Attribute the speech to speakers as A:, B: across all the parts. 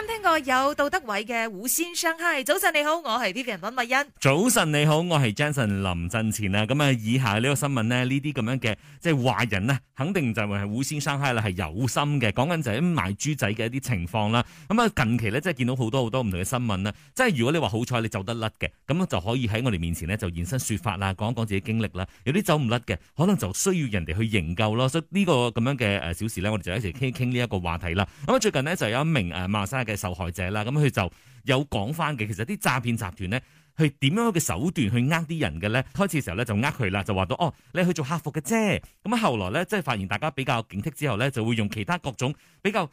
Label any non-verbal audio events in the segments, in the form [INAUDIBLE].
A: 今日聽過有杜德偉嘅胡先生，係。早晨你好，我係 Vivian 溫慧欣。
B: 早晨你好，我係 Jason 林俊前啊。咁啊，以下呢個新聞呢，呢啲咁樣嘅即係壞人咧，肯定就係胡先生啦，係有心嘅，講緊就係啲賣豬仔嘅一啲情況啦。咁啊，近期呢，即係見到好多好多唔同嘅新聞啦。即係如果你話好彩你走得甩嘅，咁就可以喺我哋面前呢就現身說法啦，講一講自己的經歷啦。有啲走唔甩嘅，可能就需要人哋去營救咯。所以呢個咁樣嘅誒小事呢，我哋就一齊傾一傾呢一個話題啦。咁啊，最近呢，就有一名誒馬來嘅受害者啦，咁佢就有講翻嘅。其實啲詐騙集團咧，係點樣嘅手段去呃啲人嘅咧？開始時候咧就呃佢啦，就話到哦，你去做客服嘅啫。咁啊，後來咧即係發現大家比較警惕之後咧，就會用其他各種比較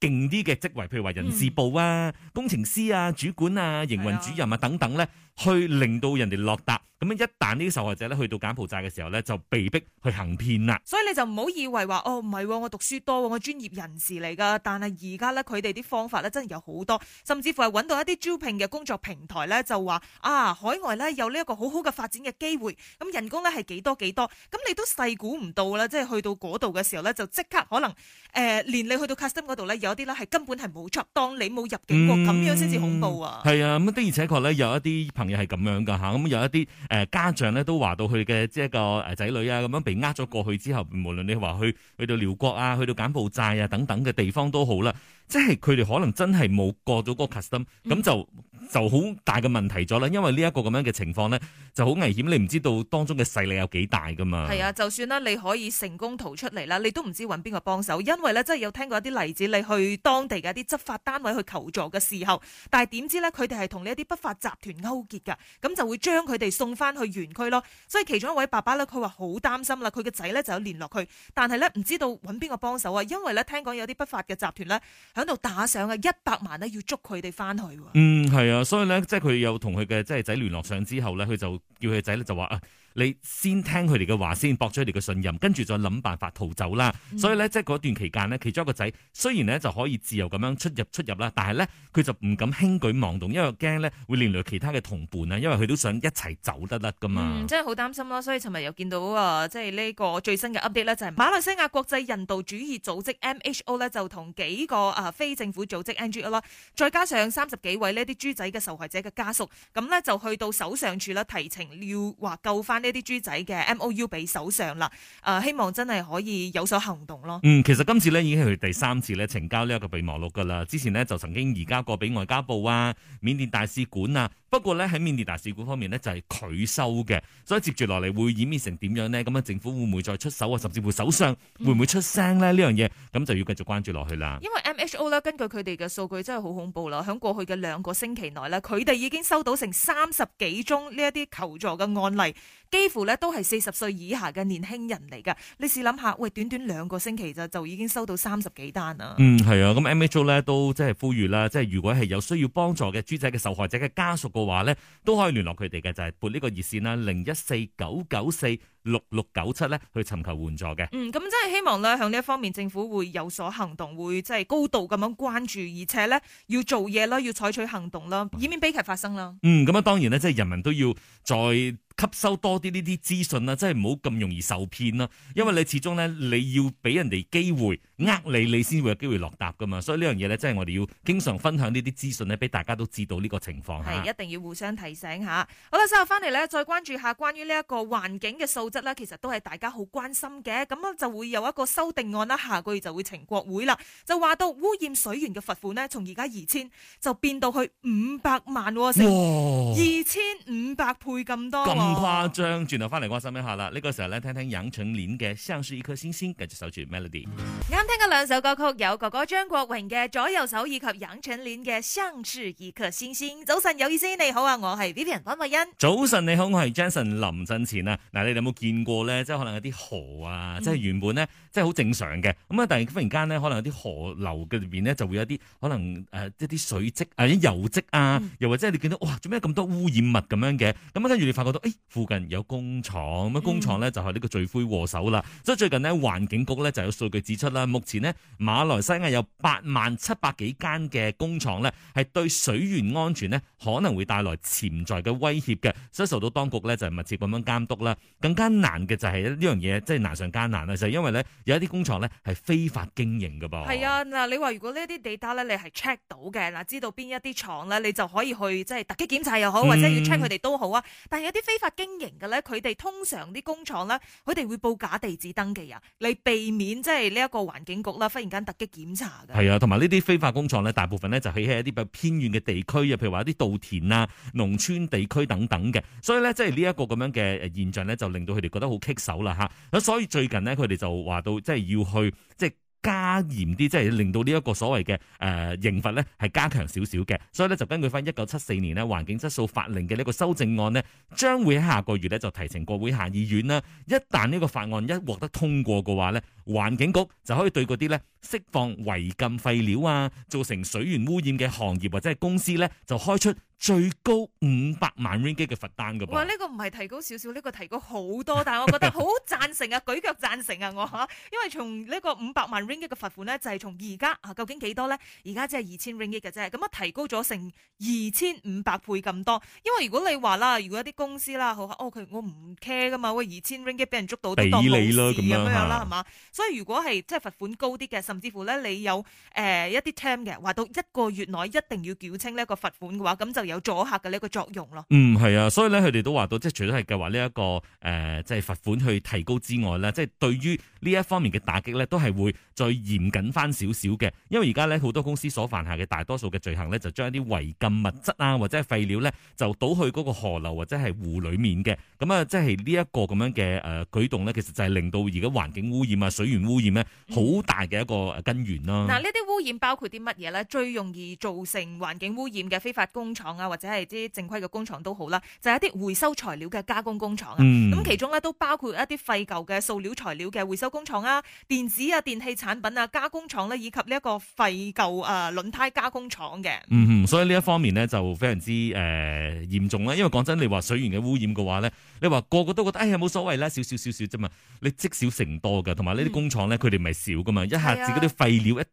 B: 勁啲嘅職位，譬如話人事部啊、嗯、工程師啊、主管啊、營運主任啊等等咧。嗯去令到人哋落搭，咁樣一旦呢啲受害者呢去到柬埔寨嘅時候呢，就被逼去行騙啦。
A: 所以你就唔好以為話哦，唔係、哦，我讀書多、哦，我專業人士嚟噶。但係而家呢，佢哋啲方法呢，真係有好多，甚至乎係搵到一啲招聘嘅工作平台呢，就話啊，海外呢，有呢一個好好嘅發展嘅機會，咁人工呢係幾多幾多，咁你都細估唔到啦。即係去到嗰度嘅時候呢，就即刻可能誒、呃，連你去到 custom 嗰度呢，有啲呢係根本係冇執，當你冇入境過咁、嗯、樣先至恐怖啊。
B: 係啊，咁的而且確呢，有一啲。朋友係咁樣噶吓。咁有一啲誒家長咧都話到佢嘅即係個誒仔女啊，咁樣被呃咗過去之後，無論你話去去到寮國啊、去到柬埔寨啊等等嘅地方都好啦，即係佢哋可能真係冇過咗嗰個 custom，咁就就好大嘅問題咗啦，因為呢一個咁樣嘅情況咧就好危險，你唔知道當中嘅勢力有幾大噶嘛。係
A: 啊，就算啦，你可以成功逃出嚟啦，你都唔知揾邊個幫手，因為咧真係有聽過一啲例子，你去當地嘅一啲執法單位去求助嘅時候，但係點知咧佢哋係同呢一啲不法集團勾結。咁就會將佢哋送翻去園區咯。所以其中一位爸爸咧，佢話好擔心啦，佢嘅仔咧就有聯絡佢，但係咧唔知道搵邊個幫手啊。因為咧聽講有啲不法嘅集團咧喺度打賞啊，一百萬咧要捉佢哋翻去。嗯，
B: 係啊，所以咧即係佢有同佢嘅即係仔聯絡上之後咧，佢就叫佢仔咧就話啊。你先聽佢哋嘅話先，博咗佢哋嘅信任，跟住再諗辦法逃走啦。所以咧，即係嗰段期間呢，其中一個仔雖然呢就可以自由咁樣出入出入啦，但係呢，佢就唔敢輕舉妄動，因為驚呢會連累其他嘅同伴啊。因為佢都想一齊走得甩噶嘛。嗯，
A: 真係好擔心咯。所以尋日又見到啊，即係呢個最新嘅 update 呢，就係馬來西亞國際人道主義組織 MHO 咧，就同幾個啊非政府組織 NGO 啦，再加上三十幾位呢啲豬仔嘅受害者嘅家屬，咁呢，就去到首相處啦，提請要話救翻。呢啲豬仔嘅 M O U 俾首相啦，誒、呃、希望真係可以有所行動咯。嗯，
B: 其實今次呢已經係佢第三次咧呈交呢一個備忘錄噶啦，之前呢就曾經移交過俾外交部啊、緬甸大使館啊，不過呢喺緬甸大使館方面呢，就係拒收嘅，所以接住落嚟會演變成點樣呢？咁啊，政府會唔會再出手啊？甚至乎首相會唔會出聲呢？呢、嗯、樣嘢咁就要繼續關注落去啦。
A: 因為 M H O 呢根據佢哋嘅數據真係好恐怖啦，喺過去嘅兩個星期內呢，佢哋已經收到成三十幾宗呢一啲求助嘅案例。幾乎咧都係四十歲以下嘅年輕人嚟噶你試諗下，喂，短短兩個星期就已經收到三十幾單啦。嗯，
B: 係啊，咁 M H O 咧都即係呼籲啦，即係如果係有需要幫助嘅豬仔嘅受害者嘅家屬嘅話咧，都可以聯絡佢哋嘅，就係撥呢個熱線啦，零一四九九四。六六九七咧，去尋求援助嘅。嗯，
A: 咁真係希望咧，向呢一方面政府會有所行動，會即係高度咁樣關注，而且咧要做嘢啦，要採取行動啦，以免悲劇發生啦。嗯，
B: 咁啊，當然咧，即係人民都要再吸收多啲呢啲資訊啦，即係唔好咁容易受騙啦。因為你始終咧，你要俾人哋機會，呃你，你先會有機會落答噶嘛。所以呢樣嘢咧，真係我哋要經常分享呢啲資訊咧，俾大家都知道呢個情況。係，一
A: 定要互相提醒下。好啦，稍後翻嚟咧，再關注下關於呢一個環境嘅數字。其實都係大家好關心嘅，咁啊就會有一個修訂案啦，下個月就會呈國會啦，就話到污染水源嘅罰款呢，從而家二千就變到去五百萬，哦，成二千五百倍咁多，哦，咁誇
B: 張。轉頭翻嚟關心一下啦，呢，這個時候呢，聽聽楊丞琳嘅《像是一顆星星》，繼續守住 Melody。
A: 啱聽嘅兩首歌曲有哥哥張國榮嘅《左右手》以及楊丞琳嘅《像是一顆星星》。早晨有意思，你好啊，我係 Vivian 溫慧欣。
B: 早晨你好，我係 Jason 林振前啊。嗱你哋有冇？見過咧，即係可能有啲河啊，嗯、即係原本咧，即係好正常嘅。咁啊，但係忽然間咧，可能有啲河流嘅裏面咧，就會有啲可能即、呃、一啲水漬啊、呃、油漬啊，嗯、又或者你見到哇，做咩咁多污染物咁樣嘅？咁跟住你發覺到，誒、哎、附近有工廠，咁工廠咧就係、係、呢個罪魁禍首啦、嗯。所以最近呢，環境局咧就有數據指出啦，目前呢，馬來西亞有八萬七百幾間嘅工廠咧，係對水源安全呢可能會帶來潛在嘅威脅嘅，所以受到當局咧就係、密切咁樣監督啦，更加。難嘅就係呢樣嘢，真係難上艱難啦。就係、因為咧，有一啲工廠咧係非法經營嘅噃。係
A: 啊，嗱，你話如果呢啲地單咧，你係 check 到嘅，嗱，知道邊一啲廠咧，你就可以去即係突擊檢查又好，或者要 check 佢哋都好啊、嗯。但係有啲非法經營嘅咧，佢哋通常啲工廠咧，佢哋會報假地址登記你啊，嚟避免即係呢一個環境局啦，忽然間突擊檢查嘅。係
B: 啊，同埋呢啲非法工廠咧，大部分咧就起喺一啲比較偏遠嘅地區啊，譬如話一啲稻田啊、農村地區等等嘅。所以咧，即係呢一個咁樣嘅現象咧，就令到佢。你覺得好棘手啦吓，咁所以最近呢，佢哋就話到，即係要去加一，即係加嚴啲，即係令到呢一個所謂嘅誒刑罰咧，係加強少少嘅。所以咧，就根據翻，一九七四年咧環境質素法令嘅呢個修正案呢，將會喺下個月咧就提呈國會下議院啦。一旦呢個法案一獲得通過嘅話咧，環境局就可以對嗰啲咧釋放違禁廢料啊，造成水源污染嘅行業或者係公司咧，就開出最高五百萬 ringgit 嘅罰單噶噃。哇！呢、呢
A: 個唔係提高少少，呢、呢個提高好多。但係我覺得好贊成啊， [LAUGHS] 舉腳贊成啊，我嚇，因為從呢個五百萬 ringgit 嘅罰款咧，就係、是、從而家啊，究竟幾多咧？現在是而家只係二千 ringgit 嘅啫，咁啊提高咗成二千五百倍咁多。因為如果你話啦，如果一啲公司啦，好哦佢我唔 care 噶嘛，喂二千 ringgit 俾人捉到都當冇事咁樣樣啦，係嘛？所以如果係即係罰款高啲嘅，甚至乎咧你有誒、呃、一啲 term 嘅，話到一個月內一定要繳清呢一個罰款嘅話，咁就有阻嚇嘅呢一個作用咯。
B: 嗯，係啊，所以咧佢哋都話到，即係除咗係計劃呢一個誒，即、呃、係、就是、罰款去提高之外咧，即、就、係、是、對於呢一方面嘅打擊咧，都係會再嚴謹返少少嘅。因為而家咧好多公司所犯下嘅大多數嘅罪行咧，就將一啲違禁物質啊或者係廢料咧，就倒去嗰個河流或者係湖裡面嘅。咁啊，即係呢一個咁樣嘅誒舉動咧，其實就係令到而家環境污染啊。水源污染咧，好大嘅一個根源啦。嗱，
A: 呢啲污染包括啲乜嘢咧？最容易造成環境污染嘅非法工廠啊，或者係啲正規嘅工廠都好啦，就係、是、一啲回收材料嘅加工工廠啊。咁、嗯、其中咧都包括一啲廢舊嘅塑料材料嘅回收工廠啊，電子啊電器產品啊加工廠咧，以及呢一個廢舊誒輪胎加工廠嘅。嗯，
B: 所以呢一方面咧就非常之誒嚴、呃、重啦。因為講真的，你話水源嘅污染嘅話咧，你話個個都覺得誒冇所謂啦，少少少少啫嘛。你積少成多㗎，同埋呢啲。工廠咧，佢哋咪少噶嘛？一下子嗰啲廢料一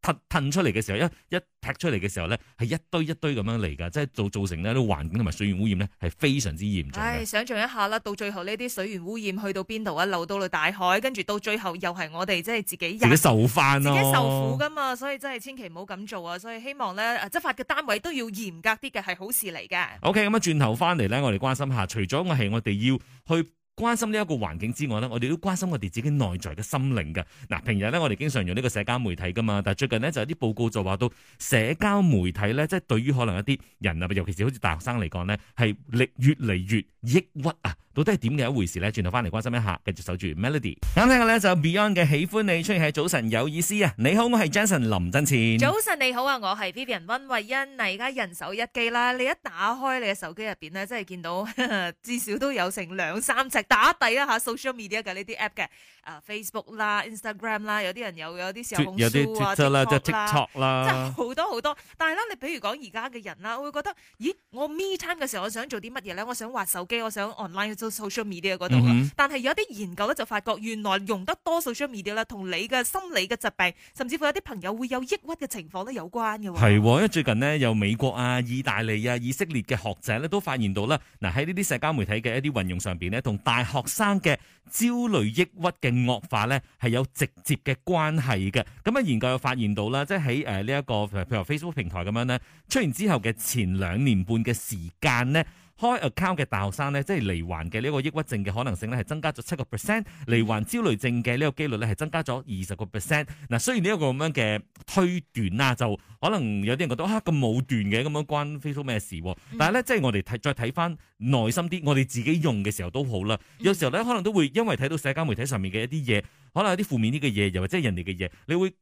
B: 褪褪出嚟嘅時候，一一劈出嚟嘅時候咧，係一堆一堆咁樣嚟噶，即係造造成呢啲環境同埋水源污染咧，係非常之嚴重。唉，
A: 想象一下啦，到最後呢啲水源污染去到邊度啊？流到去大海，跟住到最後又係我哋即係自己人自己受翻咯、啊，自己受苦噶嘛，所以真係千祈唔好咁做啊！所以希望咧，執法嘅單位都要嚴格啲嘅，係好事嚟嘅。
B: OK，咁啊，轉頭翻嚟咧，我哋關心下，除咗我係我哋要去。關心呢一個環境之外呢，我哋都關心我哋自己內在嘅心靈噶。嗱，平日呢，我哋經常用呢個社交媒體噶嘛，但係最近呢，就有啲報告就話到社交媒體呢，即係對於可能一啲人啊，尤其是好似大學生嚟講呢，係力越嚟越抑鬱啊。到底係點嘅一回事呢？轉頭翻嚟關心一下，繼續守住 Melody。啱聽下呢，就 Beyond 嘅喜歡你，出現喺早晨有意思啊！你好，我係 Jason 林振前。早
A: 晨你好啊，我係 Vivian 溫慧欣。嗱，而家人手一機啦，你一打開你嘅手機入邊呢，即係見到 [LAUGHS] 至少都有成兩三隻。打底啦嚇，social media 嘅呢啲 app 嘅，啊 Facebook 啦、Instagram 啦，有啲人有有啲小紅書啊、TikTok 啦、啦，即係好多好多。但係啦，你比如講而家嘅人啦，我會覺得咦，我 me time 嘅時候我想做什麼，我想做啲乜嘢咧？我想滑手機，我想 online 做 social media 嗰度啦。但係有啲研究咧就發覺原來用得多 social media 啦，同你嘅心理嘅疾病，甚至乎有啲朋友會有抑鬱嘅情況咧有關嘅。係
B: 喎，因為最近咧，有美國啊、意大利啊、以色列嘅學者咧都發現到啦，嗱喺呢啲社交媒體嘅一啲運用上邊咧，同大學生嘅焦慮抑鬱嘅惡化咧，係有直接嘅關係嘅。咁啊，研究又發現到啦，即係喺誒呢一個譬如譬如 Facebook 平台咁樣咧，出現之後嘅前兩年半嘅時間咧。開 account 嘅大學生咧，即係罹患嘅呢個抑鬱症嘅可能性咧，係增加咗七個 percent；罹患焦慮症嘅呢個幾率咧，係增加咗二十個 percent。嗱，雖然呢一個咁樣嘅推斷啦，就可能有啲人覺得啊咁武斷嘅，咁樣關 Facebook 咩事？但係咧、嗯，即係我哋睇再睇翻，耐心啲，我哋自己用嘅時候都好啦。有時候咧，可能都會因為睇到社交媒體上面嘅一啲嘢，可能有啲負面啲嘅嘢，又或者係人哋嘅嘢，你會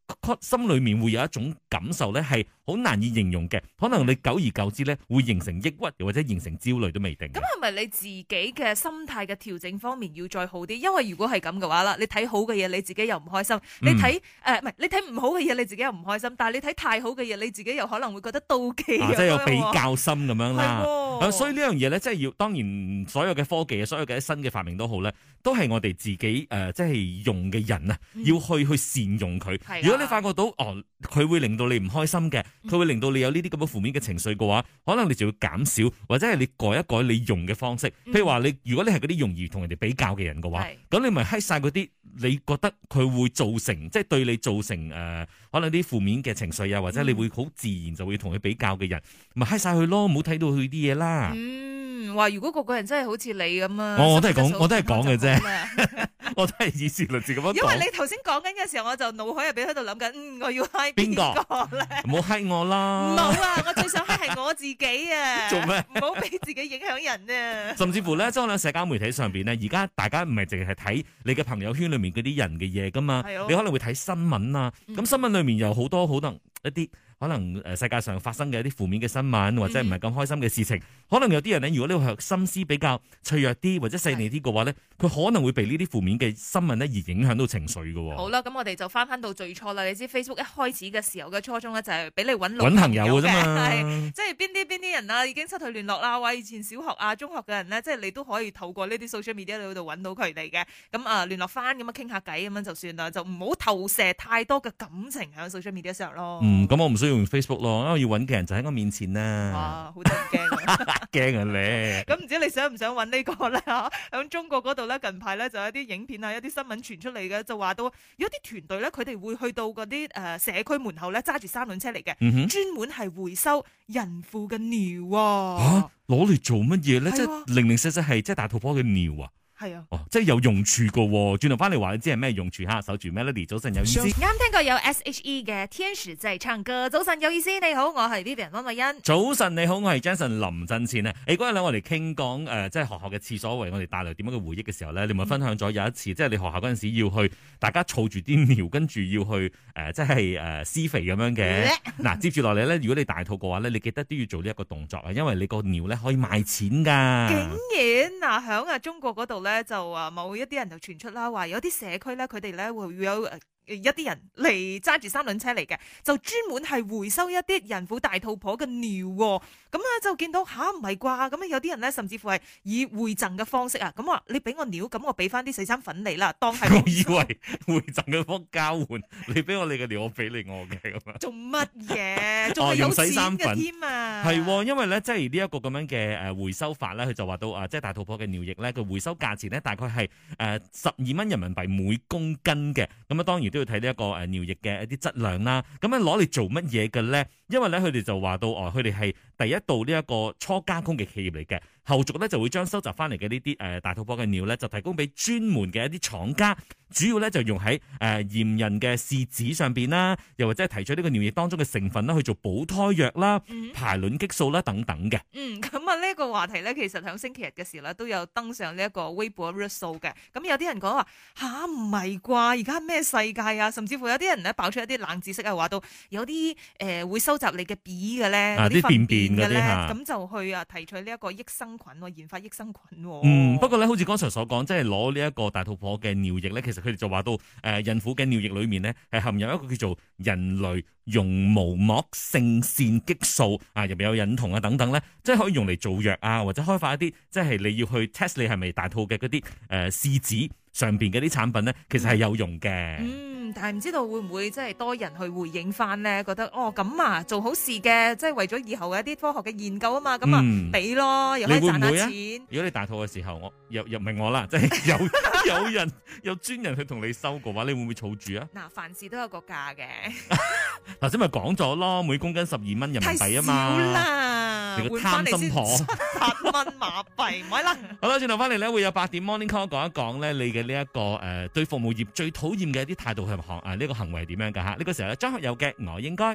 B: 心裏面會有一種感受咧，係。好難以形容嘅，可能你久而久之咧會形成抑鬱，又或者形成焦慮都未定。
A: 咁係咪你自己嘅心態嘅調整方面要再好啲？因為如果係咁嘅話啦，你睇好嘅嘢你自己又唔開心，嗯、你睇誒唔係你睇唔好嘅嘢你自己又唔開心，但係你睇太好嘅嘢你自己又可能會覺得妒忌啊，即、就、係、是、有比較
B: 心咁樣啦。咁、 [LAUGHS] 哦啊、所以樣呢樣嘢咧，即、就、係、是、要當然所有嘅科技啊，所有嘅新嘅發明都好咧，都係我哋自己即係、呃就是、用嘅人啊，要去去善用佢、嗯。如果你發覺到哦，佢會令到你唔開心嘅。佢會令到你有呢啲咁嘅負面嘅情緒嘅話，可能你就會減少，或者係你改一改你用嘅方式。譬如話你，如果你係嗰啲容易同人哋比較嘅人嘅話，咁你咪閪曬嗰啲你覺得佢會造成，即、就、係、是、對你造成誒、呃，可能啲負面嘅情緒啊，或者你會好自然就會同佢比較嘅人，咪閪曬佢咯，唔好睇到佢啲嘢啦。
A: 嗯，話、嗯、如果個個人真係好似你咁樣，我我都係講，我都係講
B: 嘅啫。 [LAUGHS] [LAUGHS] 我都係以事論事咁樣。因為你
A: 頭先講緊嘅時候，我就腦海入邊喺度諗緊，嗯，我要嗨邊個咧？唔
B: 好嗨我啦。唔 [LAUGHS] 好啊！我
A: 最想嗨係我自己啊！ [LAUGHS] 做咩什麼？唔好俾自己影響人啊！甚
B: 至乎咧，即係喺社交媒體上邊咧，而家大家唔係淨係睇你嘅朋友圈裡面嗰啲人嘅嘢噶嘛？係、哦、你可能會睇新聞啊，咁新聞裡面有好多、嗯、可能一啲。可能誒世界上發生嘅一啲負面嘅新聞，或者唔係咁開心嘅事情，嗯，可能有啲人呢，如果咧心思比較脆弱啲或者細膩啲嘅話呢，佢可能會被呢啲負面嘅新聞咧而影響到情緒嘅，嗯。好
A: 啦，咁我哋就翻翻到最初啦。你知 Facebook 一開始嘅時候嘅初衷咧，就係俾你揾朋友嘅啫嘛。即係邊啲邊啲人啊，已經失去聯絡啦，或者以前小學啊、中學嘅人呢，啊，即、就、係、是、你都可以透過呢啲 social media 喺度揾到佢哋嘅。咁啊，聯絡翻咁啊，傾下偈咁樣就算啦，就唔好投射太多嘅感情喺 social media 上咯。
B: 咁、嗯、我唔。用 Facebook 咯，因為要搵嘅人就喺我面前啦、啊 [LAUGHS] 啊嗯啊。啊，好得驚，驚啊你！
A: 咁唔知你想唔想搵呢個咧？喺中國嗰度咧，近排咧就有啲影片啊，有啲新聞傳出嚟嘅，就話到，有啲團隊咧，佢哋會去到嗰啲誒社區門口咧，揸住三輪車嚟嘅，專門係回收孕婦嘅尿啊！
B: 攞嚟做乜嘢咧？即係零零碎碎係，即係大肚婆嘅尿啊！係啊，哦，即係有用處噶、啊。轉頭翻嚟話，你知係咩用處吓？守住 Melody，早晨有意思。
A: 啱聽過有 S.H.E 嘅《天使在唱歌》，早晨有意思。你好，我係 Vivian 溫慧欣。
B: 早晨你好，我係 Jason 林振倩。啊。誒，嗰日咧，我哋傾講誒，即、呃、係學校嘅廁所為我哋帶來點樣嘅回憶嘅時候咧，你咪分享咗有一次，嗯、即係你學校嗰陣時候要去，大家儲住啲尿，跟住要去誒，即係誒施肥咁樣嘅。嗱、 [LAUGHS] 啊，接住落嚟咧，如果你大肚嘅話咧，你記得都要做呢一個動作啊，因為你個尿咧可以賣錢噶。竟
A: 然嗱，響啊中國嗰度。咧就啊，某一啲人就傳出啦，話有啲社區咧，佢哋咧會會有一啲人嚟揸住三輪車嚟嘅，就專門係回收一啲孕婦大肚婆嘅尿，喔。咁、嗯、啊，就見到吓唔係啩？咁啊，嗯、有啲人咧甚至乎係以回贈嘅方式啊，咁話你俾我尿，咁我俾翻啲洗衫粉嚟啦，當係。我
B: 以為回贈嘅方交換， [LAUGHS] 你俾我你嘅尿，我俾你 [LAUGHS] 我嘅我，咁 [LAUGHS] 啊什麼。做
A: 乜嘢？哦，用洗衫粉，係、
B: 哦，因為咧，即係呢一個咁樣嘅誒回收法咧，佢就話到啊，即係大肚婆嘅尿液咧，佢回收價錢咧，大概係誒十二蚊人民幣每公斤嘅，咁啊，當然都要睇呢一個誒尿液嘅一啲質量啦，咁樣攞嚟做乜嘢嘅咧？因為咧，佢哋就話到，哦，佢哋係第一度呢一個初加工嘅企業嚟嘅，後續咧就會將收集翻嚟嘅呢啲誒大肚婆嘅尿咧，就提供俾專門嘅一啲廠家，主要咧就用喺誒驗孕嘅試紙上邊啦，又或者係提取呢個尿液當中嘅成分啦，去做保胎藥啦、排卵激素啦等等嘅。
A: 嗯，咁啊呢個話題咧，其實響星期日嘅時候咧都有登上呢一個微博熱搜嘅。咁有啲人講話吓唔係啩？而家咩世界啊？甚至乎有啲人咧爆出一啲冷知識啊，話到有啲誒會收。收集你嘅 B 嘅咧，啲便便嘅咧，咁就去啊提取呢一個益生菌，研發益生菌，哦。嗯，不
B: 過咧，好似剛才所講，即係攞呢一個大肚婆嘅尿液咧，其實佢哋就話到，誒、呃、孕婦嘅尿液裏面咧，係含有一個叫做人類絨毛膜性腺激素啊，入面有孕酮啊等等咧，即、就、係、是、可以用嚟做藥啊，或者開發一啲即係你要去 test 你係咪大肚嘅嗰啲誒試紙上邊嘅啲產品咧，其實係有用嘅。嗯嗯
A: 但係唔知道會唔會即係多人去回應翻咧？覺得哦，咁啊，做好事嘅，即係為咗以後嘅一啲科學嘅研究啊嘛，咁啊俾咯、嗯，又可以賺到錢
B: 會會。如果你大肚嘅時候，我又又唔明我啦，即係有有人 [LAUGHS] 有專人去同你收嘅話，你會唔會儲住啊？
A: 嗱，凡事都有個價嘅。
B: 頭先咪講咗咯，每公斤十二蚊人民幣啊嘛。你個貪心婆，八蚊馬幣，唔係啦。好啦，轉頭翻嚟咧，會有八點 Morning Call 講一講咧，你嘅呢一個誒、呃、對服務業最討厭嘅一啲態度係行誒呢個行為係點樣㗎？吓？呢個時候咧，張學友嘅我應該。